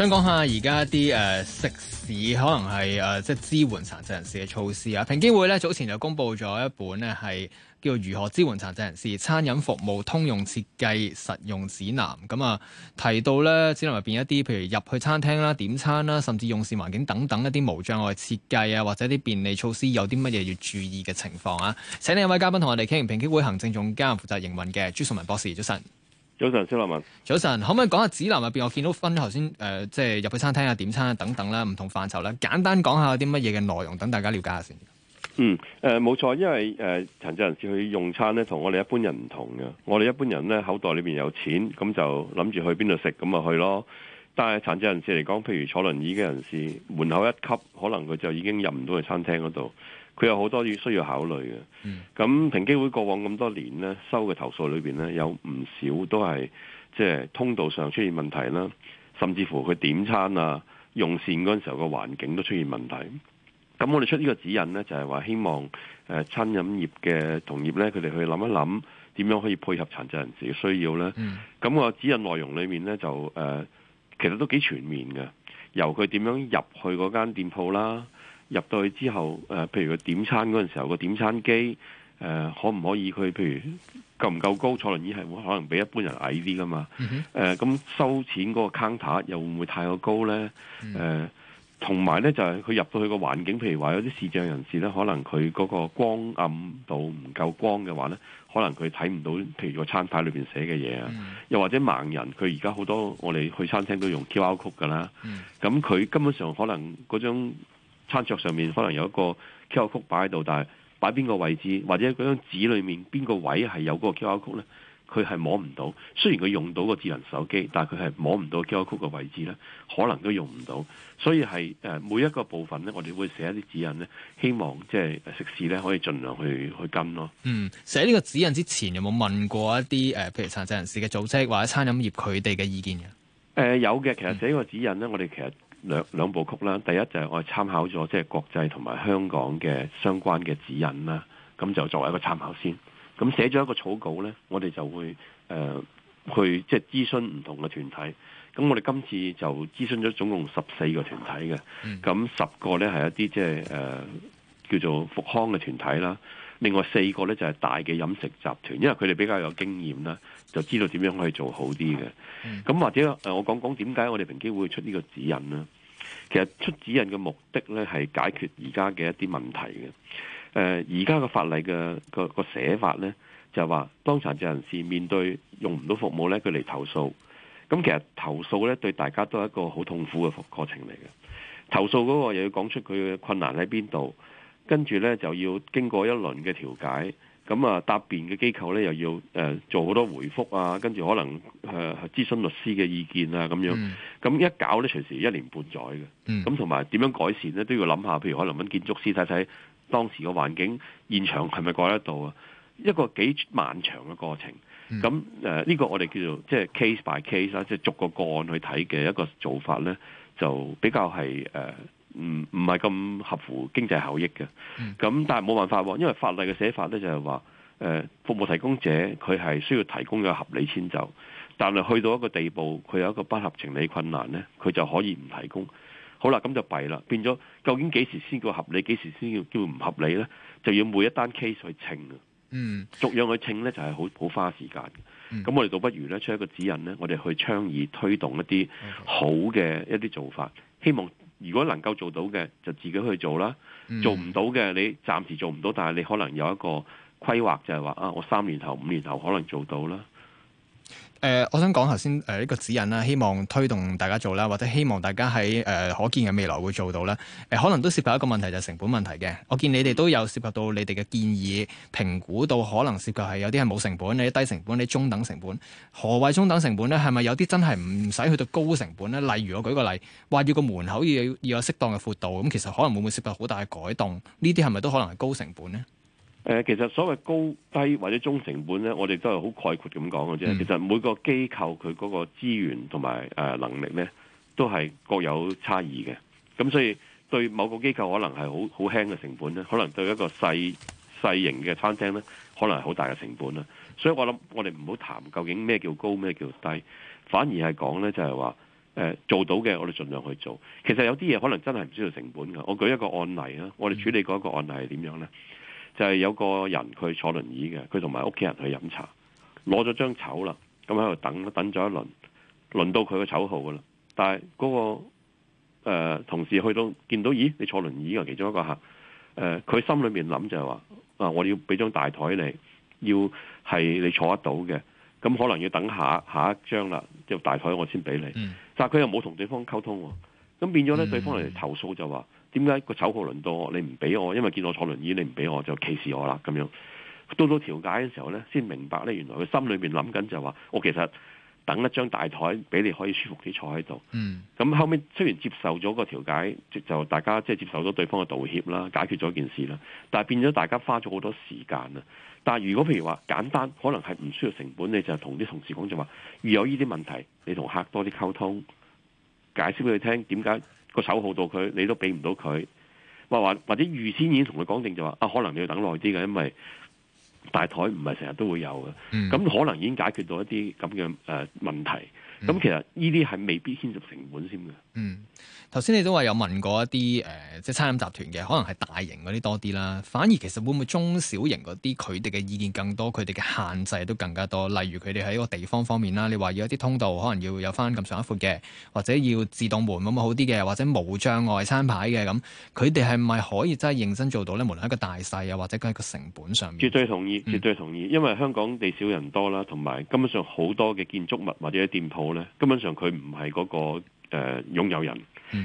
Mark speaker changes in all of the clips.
Speaker 1: 想講下而家啲誒食肆可能係誒、呃、即係支援殘疾人士嘅措施啊。平機會咧早前就公布咗一本咧係叫做《如何支援殘疾人士餐飲服務通用設計實用指南》咁啊，提到呢，指南入邊一啲，譬如入去餐廳啦、點餐啦，甚至用膳環境等等一啲無障礙設計啊，或者啲便利措施有啲乜嘢要注意嘅情況啊。請另一位嘉賓同我哋傾，平機會行政總監負責營運嘅朱崇文博士，早晨。早晨，朱崇文。早晨，可唔可以講下指南入邊？我見到分咗頭先，誒、呃，即係入去餐廳啊、點餐啊等等啦，唔同範疇咧。簡單講下有啲乜嘢嘅內容，等大家了解下先。嗯，誒、
Speaker 2: 呃，冇錯，因為誒，殘、呃、疾人士去用餐咧，同我哋一般人唔同嘅。我哋一般人咧，口袋裏邊有錢，咁就諗住去邊度食，咁咪去咯。但係殘疾人士嚟講，譬如坐輪椅嘅人士，門口一級，可能佢就已經入唔到去餐廳嗰度。佢有好多嘢需要考慮嘅，咁平機會過往咁多年咧，收嘅投訴裏邊咧，有唔少都係即係通道上出現問題啦，甚至乎佢點餐啊、用膳嗰陣時候嘅環境都出現問題。咁我哋出呢個指引呢，就係、是、話希望誒、呃、餐飲業嘅同業呢，佢哋去諗一諗點樣可以配合殘疾人士嘅需要呢。咁個、嗯、指引內容裏面呢，就誒、呃、其實都幾全面嘅，由佢點樣入去嗰間店鋪啦。入到去之後，誒、呃，譬如佢點餐嗰陣時候、個點餐機，誒、呃，可唔可以佢譬如夠唔夠高，坐輪椅係會可能比一般人矮啲噶嘛？誒、呃，咁收錢嗰個 counter 又會唔會太過高咧？誒、呃，同埋咧就係、是、佢入到去個環境，譬如話有啲視障人士咧，可能佢嗰個光暗度唔夠光嘅話咧，可能佢睇唔到譬如個餐牌裏邊寫嘅嘢啊，嗯、又或者盲人佢而家好多我哋去餐廳都用 QR code 嘅啦，咁佢、嗯、根本上可能嗰張。餐桌上面可能有一個 QR code 擺喺度，但係擺邊個位置，或者嗰張紙裡面邊個位係有嗰個 QR code 咧，佢係摸唔到。雖然佢用到個智能手機，但係佢係摸唔到 QR code 嘅位置咧，可能都用唔到。所以係誒每一個部分咧，我哋會寫一啲指引咧，希望即係食肆咧可以盡量去去跟咯。嗯，
Speaker 1: 寫呢個指引之前有冇問過一啲誒、呃，譬如殘疾人士嘅組織或者餐飲業佢哋嘅意見嘅？誒、呃、有嘅，其實寫個指
Speaker 2: 引咧，嗯、我哋其實。兩兩部曲啦，第一就係我哋參考咗即係國際同埋香港嘅相關嘅指引啦，咁就作為一個參考先。咁寫咗一個草稿呢，我哋就會誒、呃、去即係諮詢唔同嘅團體。咁我哋今次就諮詢咗總共十四個團體嘅，咁十個呢係一啲即係誒叫做復康嘅團體啦。另外四個咧就係大嘅飲食集團，因為佢哋比較有經驗啦，就知道點樣可以做好啲嘅。咁或者誒，我講講點解我哋平機會出呢個指引呢？其實出指引嘅目的咧係解決而家嘅一啲問題嘅。誒、呃，而家嘅法例嘅個個寫法咧就係話，當殘疾人士面對用唔到服務咧，佢嚟投訴。咁其實投訴咧對大家都係一個好痛苦嘅過程嚟嘅。投訴嗰個又要講出佢嘅困難喺邊度。跟住咧就要經過一輪嘅調解，咁、嗯、啊答辯嘅機構咧又要誒、呃、做好多回覆啊，跟住可能誒、呃、諮詢律師嘅意見啊，咁樣，咁一搞咧隨時一年半載嘅，咁同埋點樣改善咧都要諗下，譬如可能揾建築師睇睇當時個環境現場係咪改得到啊，一個幾漫長嘅過程，咁誒呢個我哋叫做即係 case by case 啦，即係逐個個案去睇嘅一個做法咧，就比較係誒。呃呃唔唔係咁合乎經濟效益嘅，咁、嗯、但係冇辦法，因為法例嘅寫法呢，就係話，誒服務提供者佢係需要提供有合理遷就，但係去到一個地步，佢有一個不合情理困難呢，佢就可以唔提供。好啦，咁就弊啦，變咗究竟幾時先叫合理，幾時先叫唔合理呢？就要每一單 case 去稱啊，嗯，逐樣去稱呢，就係好好花時間。咁、嗯、我哋倒不如呢，出一個指引呢，我哋去倡議推動一啲好嘅一啲做法，希望。如果能夠做到嘅，就自己去做啦。做唔到嘅，你暫時做唔到，但係你可能有一個規劃，就係話啊，我三年後、五年後可能做到
Speaker 1: 啦。誒、呃，我想講頭先誒呢個指引啦，希望推動大家做啦，或者希望大家喺誒、呃、可見嘅未來會做到啦。誒、呃，可能都涉及一個問題就係、是、成本問題嘅。我見你哋都有涉及到你哋嘅建議評估到，可能涉及係有啲係冇成本，有啲低成本，有啲中等成本。何謂中等成本咧？係咪有啲真係唔使去到高成本咧？例如我舉個例，話要個門口要有要有適當嘅闊度，咁其實可能會唔會涉及好大嘅改動？呢啲係咪都可能係高成本咧？
Speaker 2: 誒，其實所謂高低或者中成本咧，我哋都係好概括咁講嘅啫。其實每個機構佢嗰個資源同埋誒能力咧，都係各有差異嘅。咁所以對某個機構可能係好好輕嘅成本咧，可能對一個細細型嘅餐廳咧，可能係好大嘅成本啦。所以我諗我哋唔好談究竟咩叫高咩叫低，反而係講咧就係話，誒做到嘅我哋盡量去做。其實有啲嘢，可能真係唔知道成本嘅。我舉一個案例啦，我哋處理嗰一個案例係點樣咧？就係有個人佢坐輪椅嘅，佢同埋屋企人去飲茶，攞咗張籌啦，咁喺度等等咗一輪，輪到佢嘅籌號㗎啦，但係嗰、那個、呃、同事去到見到，咦？你坐輪椅嘅其中一個客，誒、呃、佢心裏面諗就係話，啊，我要俾張大台你，要係你坐得到嘅，咁可能要等下下一張啦，即大台我先俾你，嗯、但係佢又冇同對方溝通喎，咁變咗咧，對方嚟投訴就話。點解個丑號輪到我？你唔俾我，因為見我坐輪椅，你唔俾我就歧視我啦，咁樣。到到調解嘅時候咧，先明白咧，原來佢心裏面諗緊就話，我其實等一張大台俾你可以舒服啲坐喺度。咁、嗯、後尾雖然接受咗個調解，就大家即係接受咗對方嘅道歉啦，解決咗件事啦，但係變咗大家花咗好多時間啊。但係如果譬如話簡單，可能係唔需要成本，你就同啲同事講就話，遇有呢啲問題，你同客多啲溝通，解釋俾佢聽點解。個手號到佢，你都俾唔到佢，或或或者預先已經同佢講定，就話啊，可能你要等耐啲嘅，因為大枱唔係成日都會有嘅，咁、嗯、可能已經解決到一啲咁嘅誒問題。咁、嗯、其實呢啲係未必牽涉成本先嘅。嗯，
Speaker 1: 頭先你都話有問過一啲誒、呃，即係餐飲集團嘅，可能係大型嗰啲多啲啦。反而其實會唔會中小型嗰啲佢哋嘅意見更多，佢哋嘅限制都更加多。例如佢哋喺一個地方方面啦，你話要一啲通道可能要有翻咁上一闊嘅，或者要自動門咁好啲嘅，或者冇障礙餐牌嘅咁，佢哋係咪可以真係認真做到咧？無論一個大細啊，或者佢係個成本上
Speaker 2: 面。絕對同意，絕對同意。嗯、因為香港地少人多啦，同埋根本上好多嘅建築物或者啲店鋪。根本上佢唔係嗰個誒、呃、擁有人，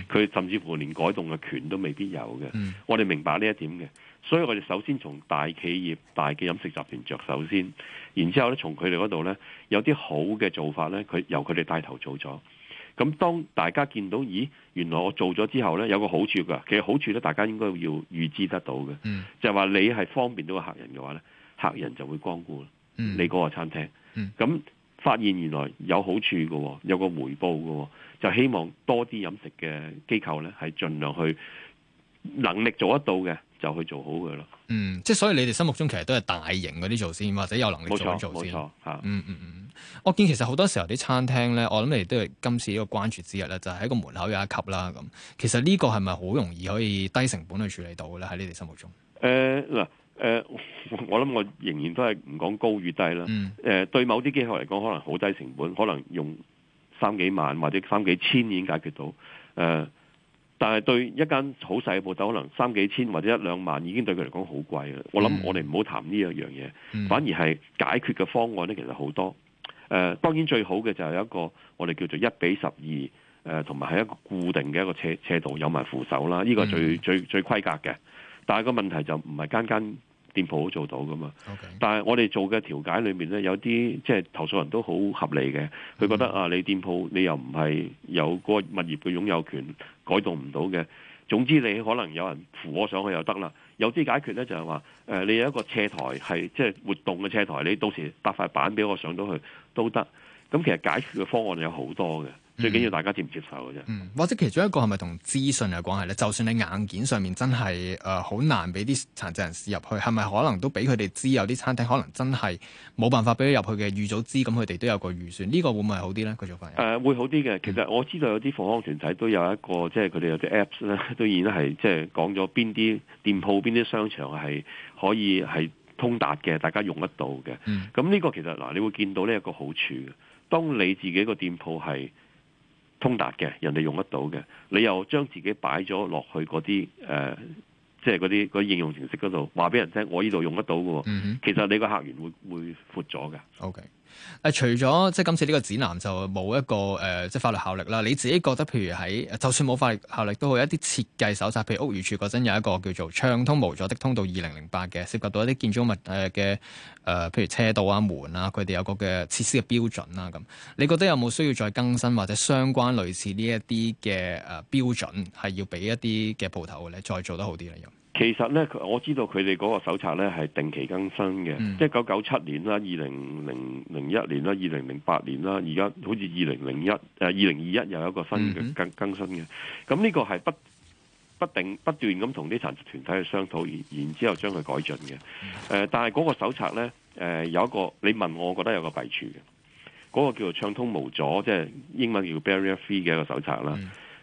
Speaker 2: 佢、嗯、甚至乎連改動嘅權都未必有嘅。嗯、我哋明白呢一點嘅，所以我哋首先從大企業、大嘅飲食集團着手先，然之後咧從佢哋嗰度咧有啲好嘅做法咧，佢由佢哋帶頭做咗。咁當大家見到，咦，原來我做咗之後咧有個好處噶，其實好處咧大家應該要預知得到嘅，嗯、就係話你係方便到個客人嘅話咧，客人就會光顧、嗯、你嗰個餐廳，咁、嗯。嗯嗯發現原來有好處嘅，有個回報嘅，就希望多啲飲食嘅機構咧，係盡量去能力做得到嘅，就去做好
Speaker 1: 佢咯。嗯，即係所以你哋心目中其實都係大型嗰啲做先，或者有能力做一做先。冇錯，冇錯。嚇，嗯嗯嗯，我見其實好多時候啲餐廳咧，我諗你哋都係今次呢個關注之日咧，就係喺個門口有一級啦。咁其實呢個係咪好容易可以低成本去處理到咧？喺你哋心目中？
Speaker 2: 誒嗱、呃。誒、呃，我諗我仍然都係唔講高與低啦。誒、嗯呃，對某啲機構嚟講，可能好低成本，可能用三幾萬或者三幾千已經解決到。誒、呃，但係對一間好細嘅鋪頭，可能三幾千或者一兩萬已經對佢嚟講好貴啦。嗯、我諗我哋唔好談呢一樣嘢，嗯、反而係解決嘅方案咧，其實好多。誒、呃，當然最好嘅就係一個我哋叫做一比十二、呃，誒，同埋係一個固定嘅一個斜、斜道，度有埋扶手啦。呢、這個最、嗯、最最規格嘅，但係個問題就唔係間間。店鋪都做到噶嘛，Okay. 但係我哋做嘅調解裏面呢，有啲即係投訴人都好合理嘅，佢覺得、mm hmm. 啊，你店鋪你又唔係有嗰個物業嘅擁有權改動唔到嘅，總之你可能有人扶我上去又得啦。有啲解決呢、就是，就係話，誒你有一個斜台係即係活動嘅斜台，你到時搭塊板俾我上到去都得。咁其實解決嘅方案有好多嘅。嗯、最緊要大家接唔接受嘅啫、嗯。
Speaker 1: 或者其中一個係咪同資訊有關係咧？就算你硬件上面真係誒好難俾啲殘疾人士入去，係咪可能都俾佢哋知有啲餐廳可能真係冇辦法俾佢入去嘅預早知，咁佢哋都有個預算，呢、呢個會唔會、呃、會好啲咧？佢做法
Speaker 2: 誒會好啲嘅。其實我知道有啲復康團體都有一個，嗯、即係佢哋有啲 Apps 咧，都已經係即係講咗邊啲店鋪、邊啲商場係可以係通達嘅，大家用得到嘅。咁呢、嗯、個其實嗱，你會見到呢一個好處。當你自己個店鋪係通達嘅，人哋用得到嘅，你又將自己擺咗落去嗰啲誒，即係嗰啲嗰應用程式嗰度，話俾人聽，我呢度用得到嘅喎。嗯、哼其實你個客源會會闊咗嘅。
Speaker 1: OK。誒、啊，除咗即係今次呢個指南就冇一個誒、呃，即係法律效力啦。你自己覺得，譬如喺就算冇法律效力好，都有一啲設計手冊，譬如屋宇署嗰陣有一個叫做暢通無阻的通道二零零八嘅，涉及到一啲建築物誒嘅誒，譬如車道啊、門啊，佢哋有個嘅設施嘅標準啦。咁你覺得有冇需要再更新或者相關類似呢一啲嘅誒標準，係要俾一啲嘅鋪頭咧，再做得好啲咧？又？
Speaker 2: 其實咧，我知道佢哋嗰個手冊咧係定期更新嘅，一九九七年啦，二零零零一年啦，二零零八年啦，而家好似二零零一，誒二零二一又有一個新嘅更更新嘅。咁呢、mm hmm. 個係不不定不斷咁同啲殘疾團體去商討，然然之後將佢改進嘅。誒、呃，但係嗰個手冊咧，誒、呃、有一個你問我，我覺得有個弊處嘅，嗰、那個叫做暢通無阻，即係英文叫 barrier free 嘅一個手冊啦。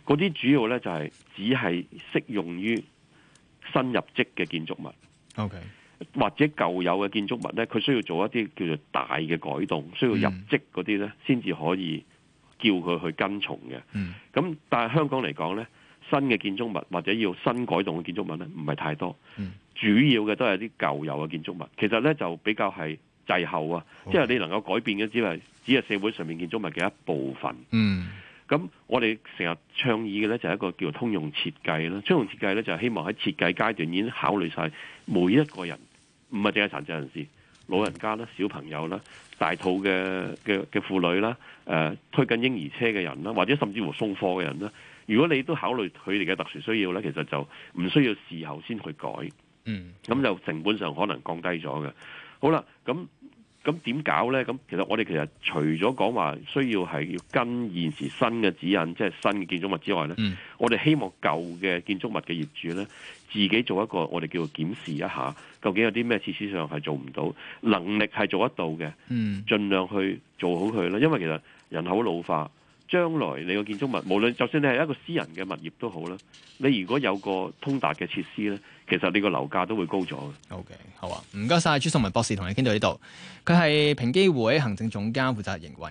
Speaker 2: 嗰啲、mm hmm. 主要咧就係只係適用於新入職嘅建築物，OK，或者舊有嘅建築物呢，佢需要做一啲叫做大嘅改動，需要入職嗰啲呢先至可以叫佢去跟從嘅。咁、嗯、但係香港嚟講呢，新嘅建築物或者要新改動嘅建築物呢唔係太多。嗯、主要嘅都係啲舊有嘅建築物，其實呢就比較係滯後啊，OK，即係你能夠改變嘅只係只係社會上面建築物嘅一部分。嗯咁我哋成日倡議嘅呢，就係一個叫通用設計啦，通用設計呢，就係希望喺設計階段已經考慮晒每一個人，唔係淨係殘障人士、老人家啦、小朋友啦、大肚嘅嘅嘅婦女啦、誒、呃、推緊嬰兒車嘅人啦，或者甚至乎送貨嘅人啦。如果你都考慮佢哋嘅特殊需要呢，其實就唔需要事後先去改，嗯，咁就成本上可能降低咗嘅。好啦，咁。咁點搞呢？咁其實我哋其實除咗講話需要係要跟現時新嘅指引，即係新嘅建築物之外呢，嗯、我哋希望舊嘅建築物嘅業主呢，自己做一個我哋叫做檢視一下，究竟有啲咩設施上係做唔到，能力係做得到嘅，盡量去做好佢啦。因為其實人口老化。將來你個建築物，無論就算你係一個私人嘅物業都好啦，你如果有個通達嘅設施咧，其實你個樓價都會
Speaker 1: 高咗嘅。Okay，好啊，唔該晒朱崇文博士，同你傾到呢度。佢係平機會行政總監，負責營運。